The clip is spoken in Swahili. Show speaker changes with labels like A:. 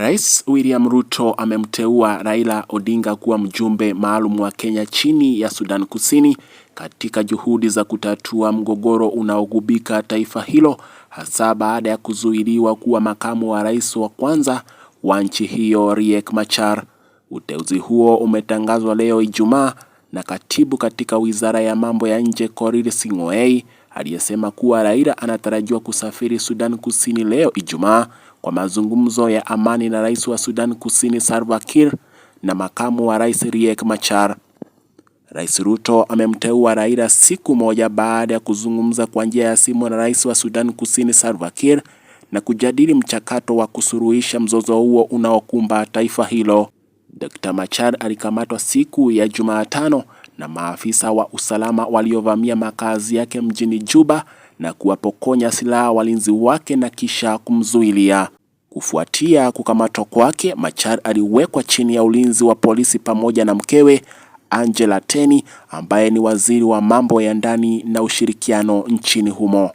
A: Rais William Ruto amemteua Raila Odinga kuwa mjumbe maalum wa Kenya chini ya Sudan Kusini katika juhudi za kutatua mgogoro unaogubika taifa hilo hasa baada ya kuzuiliwa kuwa makamu wa rais wa kwanza wa nchi hiyo Riek Machar. Uteuzi huo umetangazwa leo Ijumaa na katibu katika Wizara ya Mambo ya Nje Korir Sing'oei aliyesema kuwa Raila anatarajiwa kusafiri Sudan Kusini leo Ijumaa kwa mazungumzo ya amani na rais wa Sudan Kusini Salva Kiir na makamu wa rais Riek Machar. Rais Ruto amemteua Raila siku moja baada ya kuzungumza kwa njia ya simu na rais wa Sudan Kusini Salva Kiir na kujadili mchakato wa kusuluhisha mzozo huo unaokumba taifa hilo. Dr. Machar alikamatwa siku ya Jumatano na maafisa wa usalama waliovamia makazi yake mjini Juba na kuwapokonya silaha walinzi wake na kisha kumzuilia. Kufuatia kukamatwa kwake, Machar aliwekwa chini ya ulinzi wa polisi pamoja na mkewe Angela Teny ambaye ni waziri wa mambo ya ndani na ushirikiano nchini humo.